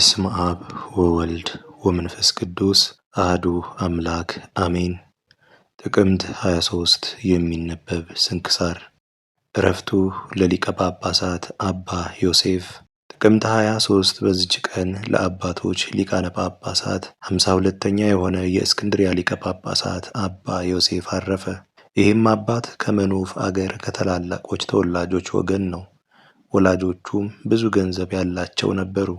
በስመ አብ ወወልድ ወመንፈስ ቅዱስ አህዱ አምላክ አሜን። ጥቅምት 23 የሚነበብ ስንክሳር። እረፍቱ ለሊቀ ጳጳሳት አባ ዮሴፍ ጥቅምት 23 በዚች ቀን ለአባቶች ሊቃነ ጳጳሳት 52ተኛ የሆነ የእስክንድሪያ ሊቀ ጳጳሳት አባ ዮሴፍ አረፈ። ይህም አባት ከመኖፍ አገር ከታላላቆች ተወላጆች ወገን ነው። ወላጆቹም ብዙ ገንዘብ ያላቸው ነበሩ።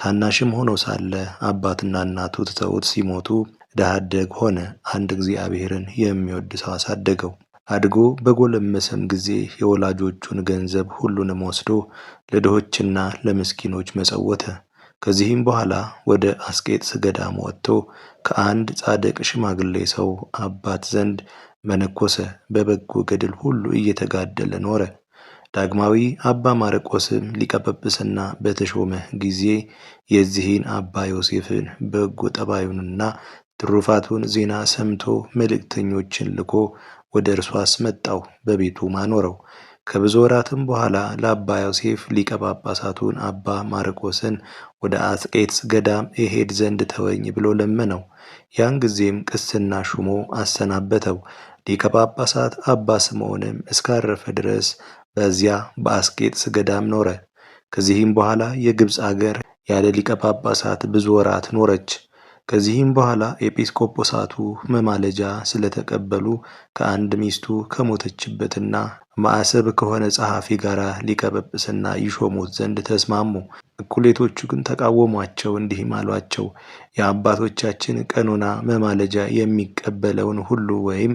ታናሽም ሆኖ ሳለ አባትና እናቱ ትተውት ሲሞቱ ድሀ ሆነ። አንድ እግዚአብሔርን የሚወድ ሰው አሳደገው። አድጎ በጎለመሰም ጊዜ የወላጆቹን ገንዘብ ሁሉንም ወስዶ ለድሆችና ለምስኪኖች መጸወተ። ከዚህም በኋላ ወደ አስቄጥስ ገዳም ወጥቶ ከአንድ ጻድቅ ሽማግሌ ሰው አባት ዘንድ መነኮሰ። በበጎ ገድል ሁሉ እየተጋደለ ኖረ። ዳግማዊ አባ ማርቆስም ሊቀ ጵጵስና በተሾመ ጊዜ የዚህን አባ ዮሴፍን በጎ ጠባዩንና ትሩፋቱን ዜና ሰምቶ መልእክተኞችን ልኮ ወደ እርሱ አስመጣው፣ በቤቱም አኖረው። ከብዙ ወራትም በኋላ ለአባ ዮሴፍ ሊቀ ጳጳሳቱን አባ ማርቆስን ወደ አስቄትስ ገዳም እሄድ ዘንድ ተወኝ ብሎ ለመነው። ያን ጊዜም ቅስና ሹሞ አሰናበተው። ሊቀ ጳጳሳት አባ ስምዖንም እስካረፈ ድረስ በዚያ በአስቄጥስ ገዳም ኖረ። ከዚህም በኋላ የግብፅ አገር ያለ ሊቀ ጳጳሳት ብዙ ወራት ኖረች። ከዚህም በኋላ ኤጲስቆጶሳቱ መማለጃ ስለተቀበሉ ከአንድ ሚስቱ ከሞተችበትና ማዕሰብ ከሆነ ጸሐፊ ጋር ሊቀ ጵጵስና ይሾሙት ዘንድ ተስማሙ። እኩሌቶቹ ግን ተቃወሟቸው፣ እንዲህም አሏቸው፦ የአባቶቻችን ቀኖና መማለጃ የሚቀበለውን ሁሉ ወይም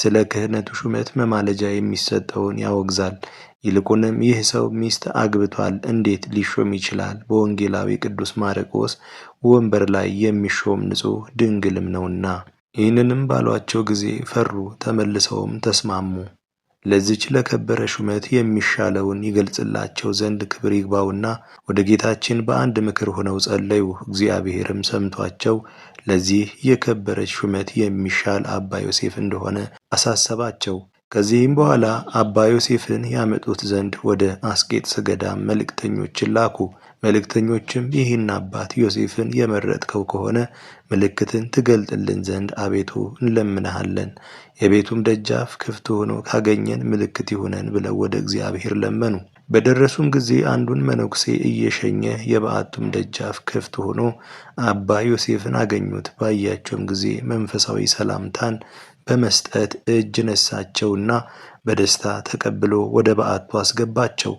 ስለ ክህነቱ ሹመት መማለጃ የሚሰጠውን ያወግዛል። ይልቁንም ይህ ሰው ሚስት አግብቷል፣ እንዴት ሊሾም ይችላል? በወንጌላዊ ቅዱስ ማርቆስ ወንበር ላይ የሚሾም ንጹሕ ድንግልም ነውና። ይህንንም ባሏቸው ጊዜ ፈሩ፣ ተመልሰውም ተስማሙ። ለዚች ለከበረ ሹመት የሚሻለውን ይገልጽላቸው ዘንድ ክብር ይግባውና ወደ ጌታችን በአንድ ምክር ሆነው ጸለዩ። እግዚአብሔርም ሰምቷቸው ለዚህ የከበረች ሹመት የሚሻል አባ ዮሴፍ እንደሆነ አሳሰባቸው። ከዚህም በኋላ አባ ዮሴፍን ያመጡት ዘንድ ወደ አስቄጥስ ገዳም መልእክተኞችን ላኩ። መልእክተኞችም ይህን አባት ዮሴፍን የመረጥከው ከሆነ ምልክትን ትገልጥልን ዘንድ አቤቱ እንለምንሃለን፣ የቤቱም ደጃፍ ክፍት ሆኖ ካገኘን ምልክት ይሁነን ብለው ወደ እግዚአብሔር ለመኑ። በደረሱም ጊዜ አንዱን መነኩሴ እየሸኘ የበዓቱም ደጃፍ ክፍት ሆኖ አባ ዮሴፍን አገኙት። ባያቸውም ጊዜ መንፈሳዊ ሰላምታን በመስጠት እጅ ነሳቸውና በደስታ ተቀብሎ ወደ በዓቱ አስገባቸው።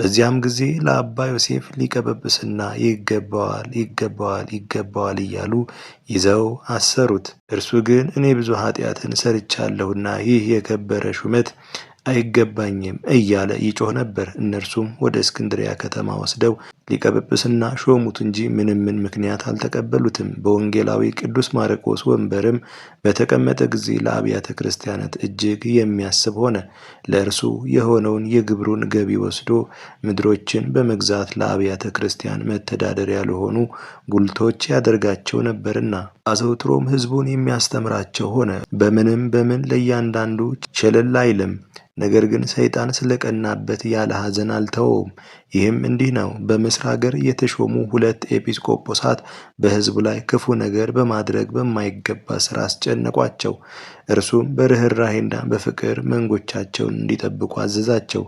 በዚያም ጊዜ ለአባ ዮሴፍ ሊቀ ጵጵስና ይገባዋል ይገባዋል ይገባዋል እያሉ ይዘው አሰሩት። እርሱ ግን እኔ ብዙ ኃጢአትን ሰርቻለሁና ይህ የከበረ ሹመት አይገባኝም እያለ ይጮህ ነበር። እነርሱም ወደ እስክንድሪያ ከተማ ወስደው ሊቀ ጵጵስና ሾሙት እንጂ ምን ምክንያት አልተቀበሉትም። በወንጌላዊ ቅዱስ ማርቆስ ወንበርም በተቀመጠ ጊዜ ለአብያተ ክርስቲያናት እጅግ የሚያስብ ሆነ። ለእርሱ የሆነውን የግብሩን ገቢ ወስዶ ምድሮችን በመግዛት ለአብያተ ክርስቲያን መተዳደሪያ ለሆኑ ጉልቶች ያደርጋቸው ነበርና አዘውትሮም ሕዝቡን የሚያስተምራቸው ሆነ። በምንም በምን ለእያንዳንዱ ቸለል አይልም። ነገር ግን ሰይጣን ስለቀናበት ያለ ሐዘን አልተወውም። ይህም እንዲህ ነው። በምስር ሀገር የተሾሙ ሁለት ኤጲስቆጶሳት በሕዝቡ ላይ ክፉ ነገር በማድረግ በማይገባ ሥራ አስጨነቋቸው። እርሱም በርኅራሄና በፍቅር መንጎቻቸውን እንዲጠብቁ አዘዛቸው።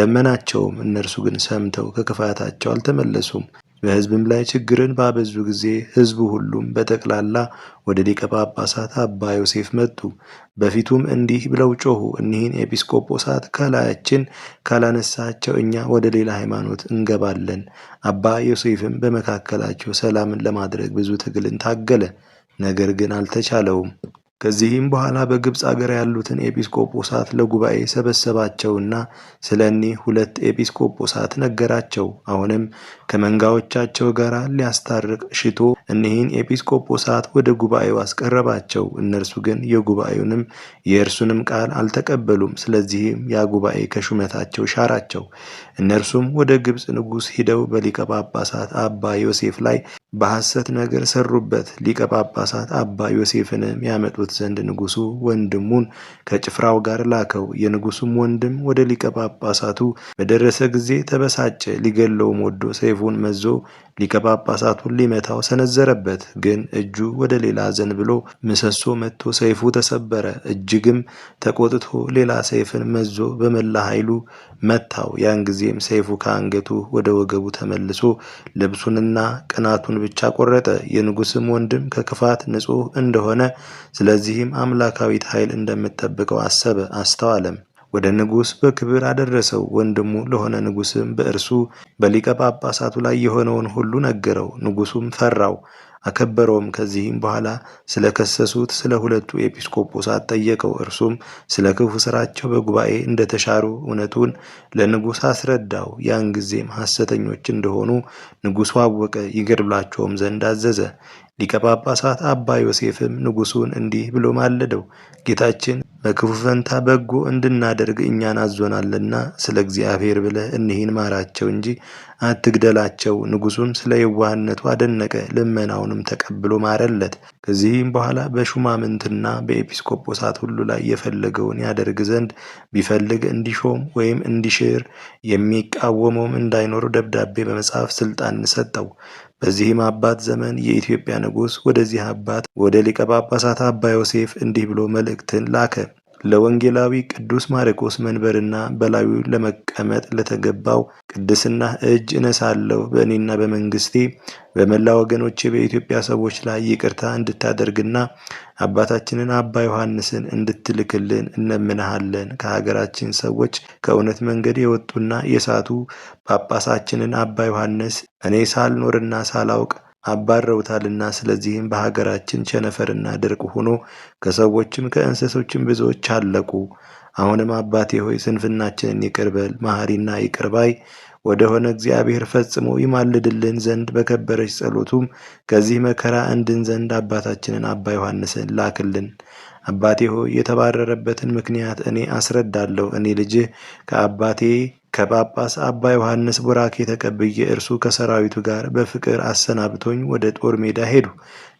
ለመናቸውም፣ እነርሱ ግን ሰምተው ከክፋታቸው አልተመለሱም። በሕዝብም ላይ ችግርን ባበዙ ጊዜ ሕዝቡ ሁሉም በጠቅላላ ወደ ሊቀ ጳጳሳት አባ ዮሴፍ መጡ። በፊቱም እንዲህ ብለው ጮኹ፣ እኒህን ኤጲስቆጶሳት ከላያችን ካላነሳቸው እኛ ወደ ሌላ ሃይማኖት እንገባለን። አባ ዮሴፍም በመካከላቸው ሰላምን ለማድረግ ብዙ ትግልን ታገለ፣ ነገር ግን አልተቻለውም። ከዚህም በኋላ በግብፅ አገር ያሉትን ኤጲስቆጶሳት ለጉባኤ ሰበሰባቸውና ስለ እኒህ ሁለት ኤጲስቆጶሳት ነገራቸው። አሁንም ከመንጋዎቻቸው ጋር ሊያስታርቅ ሽቶ እኒህን ኤጲስቆጶሳት ወደ ጉባኤው አስቀረባቸው። እነርሱ ግን የጉባኤውንም የእርሱንም ቃል አልተቀበሉም። ስለዚህም ያ ጉባኤ ከሹመታቸው ሻራቸው። እነርሱም ወደ ግብፅ ንጉሥ ሂደው በሊቀ ጳጳሳት አባ ዮሴፍ ላይ በሐሰት ነገር ሰሩበት። ሊቀ ጳጳሳት አባ ዮሴፍንም ያመጡት ዘንድ ንጉሡ ወንድሙን ከጭፍራው ጋር ላከው። የንጉሡም ወንድም ወደ ሊቀ ጳጳሳቱ በደረሰ ጊዜ ተበሳጨ። ሊገለውም ወዶ ሰይፉን መዞ ሊቀ ጳጳሳቱን ሊመታው ሰነዘረበት። ግን እጁ ወደ ሌላ ዘን ብሎ ምሰሶ መጥቶ ሰይፉ ተሰበረ። እጅግም ተቆጥቶ ሌላ ሰይፍን መዞ በመላ ኃይሉ መታው። ያን ጊዜም ሰይፉ ከአንገቱ ወደ ወገቡ ተመልሶ ልብሱንና ቅናቱን ብቻ ቆረጠ። የንጉስም ወንድም ከክፋት ንጹህ እንደሆነ ስለዚህም አምላካዊት ኃይል እንደምትጠብቀው አሰበ አስተዋለም። ወደ ንጉስ በክብር አደረሰው። ወንድሙ ለሆነ ንጉስም በእርሱ በሊቀ ጳጳሳቱ ላይ የሆነውን ሁሉ ነገረው። ንጉሱም ፈራው። አከበረውም። ከዚህም በኋላ ስለ ከሰሱት ስለ ሁለቱ ኤጲስቆጶሳት ጠየቀው። እርሱም ስለ ክፉ ስራቸው በጉባኤ እንደተሻሩ እውነቱን ለንጉሥ አስረዳው። ያን ጊዜም ሐሰተኞች እንደሆኑ ንጉሡ አወቀ፣ ይገድሏቸውም ዘንድ አዘዘ። ሊቀ ጳጳሳት አባ ዮሴፍም ንጉሡን እንዲህ ብሎ ማለደው፣ ጌታችን በክፉ ፈንታ በጎ እንድናደርግ እኛን አዞናልና ስለ እግዚአብሔር ብለህ እኒህን ማራቸው እንጂ አትግደላቸው። ንጉሱም ስለ የዋህነቱ አደነቀ፣ ልመናውንም ተቀብሎ ማረለት። ከዚህም በኋላ በሹማምንትና በኤጲስቆጶሳት ሁሉ ላይ የፈለገውን ያደርግ ዘንድ ቢፈልግ እንዲሾም ወይም እንዲሽር የሚቃወመውም እንዳይኖር ደብዳቤ በመጽሐፍ ስልጣን ሰጠው። በዚህም አባት ዘመን የኢትዮጵያ ንጉሥ ወደዚህ አባት ወደ ሊቀ ጳጳሳት አባ ዮሴፍ እንዲህ ብሎ መልእክትን ላከ። ለወንጌላዊ ቅዱስ ማርቆስ መንበርና በላዩ ለመቀመጥ ለተገባው ቅድስና እጅ እነሳለሁ በእኔና በመንግስቴ በመላ ወገኖቼ በኢትዮጵያ ሰዎች ላይ ይቅርታ እንድታደርግና አባታችንን አባ ዮሐንስን እንድትልክልን እነምንሃለን። ከሀገራችን ሰዎች ከእውነት መንገድ የወጡና የሳቱ ጳጳሳችንን አባ ዮሐንስ እኔ ሳልኖርና ሳላውቅ አባረውታልና ስለዚህም በሀገራችን ቸነፈርና ድርቅ ሆኖ ከሰዎችም ከእንስሶችም ብዙዎች አለቁ። አሁንም አባቴ ሆይ ስንፍናችንን ይቅርበል መሐሪና ይቅርባይ ወደ ሆነ እግዚአብሔር ፈጽሞ ይማልድልን ዘንድ በከበረች ጸሎቱም ከዚህ መከራ እንድን ዘንድ አባታችንን አባ ዮሐንስን ላክልን። አባቴ ሆይ የተባረረበትን ምክንያት እኔ አስረዳለሁ። እኔ ልጅህ ከአባቴ ከጳጳስ አባ ዮሐንስ ቡራኬ ተቀብዬ እርሱ ከሰራዊቱ ጋር በፍቅር አሰናብቶኝ ወደ ጦር ሜዳ ሄዱ።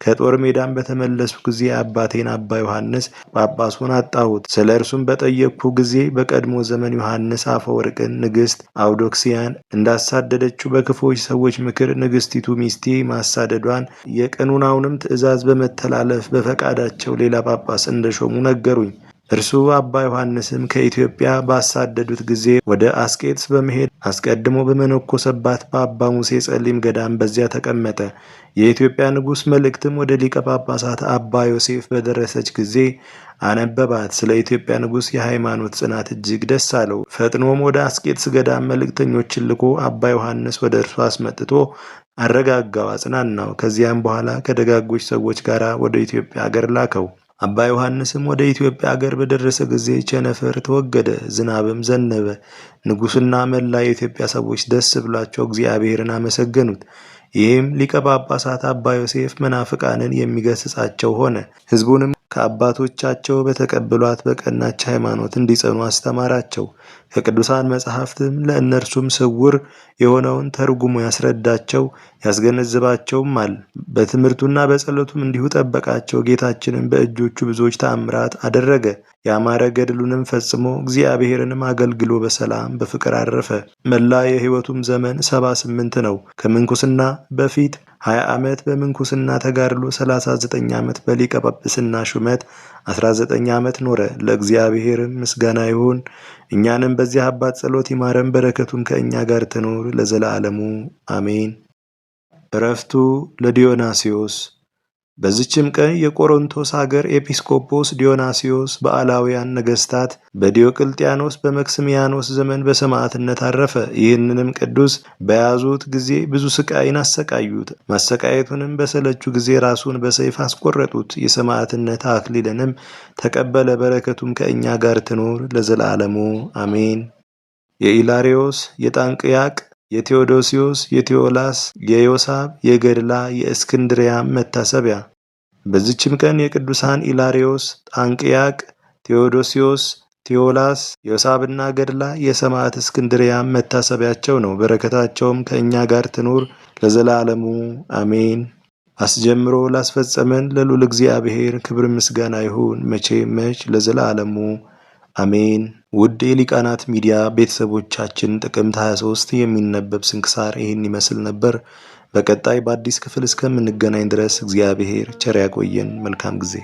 ከጦር ሜዳም በተመለሱ ጊዜ አባቴን አባ ዮሐንስ ጳጳሱን አጣሁት። ስለ እርሱም በጠየቅኩ ጊዜ በቀድሞ ዘመን ዮሐንስ አፈወርቅን ንግሥት አውዶክሲያን እንዳሳደደችው በክፎች ሰዎች ምክር ንግሥቲቱ ሚስቴ ማሳደዷን የቀኑናውንም ትእዛዝ በመተላለፍ በፈቃዳቸው ሌላ ጳጳስ እንደሾሙ ነገሩኝ። እርሱ አባ ዮሐንስም ከኢትዮጵያ ባሳደዱት ጊዜ ወደ አስቄጥስ በመሄድ አስቀድሞ በመነኮሰባት በአባ ሙሴ ጸሊም ገዳም በዚያ ተቀመጠ። የኢትዮጵያ ንጉሥ መልእክትም ወደ ሊቀ ጳጳሳት አባ ዮሴፍ በደረሰች ጊዜ አነበባት። ስለ ኢትዮጵያ ንጉሥ የሃይማኖት ጽናት እጅግ ደስ አለው። ፈጥኖም ወደ አስቄጥስ ገዳም መልእክተኞችን ልኮ አባ ዮሐንስ ወደ እርሱ አስመጥቶ አረጋጋው፣ አጽናናው። ከዚያም በኋላ ከደጋጎች ሰዎች ጋር ወደ ኢትዮጵያ አገር ላከው። አባ ዮሐንስም ወደ ኢትዮጵያ አገር በደረሰ ጊዜ ቸነፈር ተወገደ፣ ዝናብም ዘነበ። ንጉስና መላ የኢትዮጵያ ሰዎች ደስ ብሏቸው እግዚአብሔርን አመሰገኑት። ይህም ሊቀ ጳጳሳት አባ ዮሴፍ መናፍቃንን የሚገስጻቸው ሆነ። ሕዝቡንም ከአባቶቻቸው በተቀበሏት በቀናች ሃይማኖት እንዲጸኑ አስተማራቸው። ከቅዱሳን መጻሕፍትም ለእነርሱም ስውር የሆነውን ተርጉሞ ያስረዳቸው አል በትምህርቱና በጸሎቱም እንዲሁ ጠበቃቸው። ጌታችንም በእጆቹ ብዙዎች ተአምራት አደረገ። ያማረ ገድሉንም ፈጽሞ እግዚአብሔርንም አገልግሎ በሰላም በፍቅር አረፈ። መላ የሕይወቱም ዘመን ሰባ ስምንት ነው። ከምንኩስና በፊት 20 ዓመት በምንኩስና ተጋድሎ 39 ዓመት በሊቀ ጳጳስና ሹመት 19 ዓመት ኖረ። ለእግዚአብሔር ምስጋና ይሁን። እኛንም በዚህ አባት ጸሎት ይማረን፣ በረከቱም ከእኛ ጋር ትኖር ለዘላለሙ አሜን። እረፍቱ ለዲዮናስዮስ በዚችም ቀን የቆሮንቶስ አገር ኤጲስቆጶስ ዲዮናስዮስ በአላውያን ነገሥታት በዲዮቅልጥያኖስ በመክስሚያኖስ ዘመን በሰማዕትነት አረፈ። ይህንንም ቅዱስ በያዙት ጊዜ ብዙ ስቃይን አሰቃዩት። ማሰቃየቱንም በሰለቹ ጊዜ ራሱን በሰይፍ አስቆረጡት። የሰማዕትነት አክሊልንም ተቀበለ። በረከቱም ከእኛ ጋር ትኖር ለዘላለሙ አሜን። የኢላሪዮስ የጣንቅያቅ የቴዎዶሲዮስ፣ የቴዎላስ፣ የዮሳብ፣ የገድላ፣ የእስክንድሪያ መታሰቢያ። በዚችም ቀን የቅዱሳን ኢላሪዮስ፣ ጣንቅያቅ፣ ቴዎዶሲዮስ፣ ቴዎላስ፣ ዮሳብና ገድላ የሰማዕት እስክንድሪያ መታሰቢያቸው ነው። በረከታቸውም ከእኛ ጋር ትኑር ለዘላለሙ አሜን። አስጀምሮ ላስፈጸመን ለልዑል እግዚአብሔር ክብር ምስጋና ይሁን መቼ መች ለዘላለሙ አሜን። ውድ የሊቃናት ሚዲያ ቤተሰቦቻችን ጥቅምት 23 የሚነበብ ስንክሳር ይህን ይመስል ነበር። በቀጣይ በአዲስ ክፍል እስከምንገናኝ ድረስ እግዚአብሔር ቸር ያቆየን። መልካም ጊዜ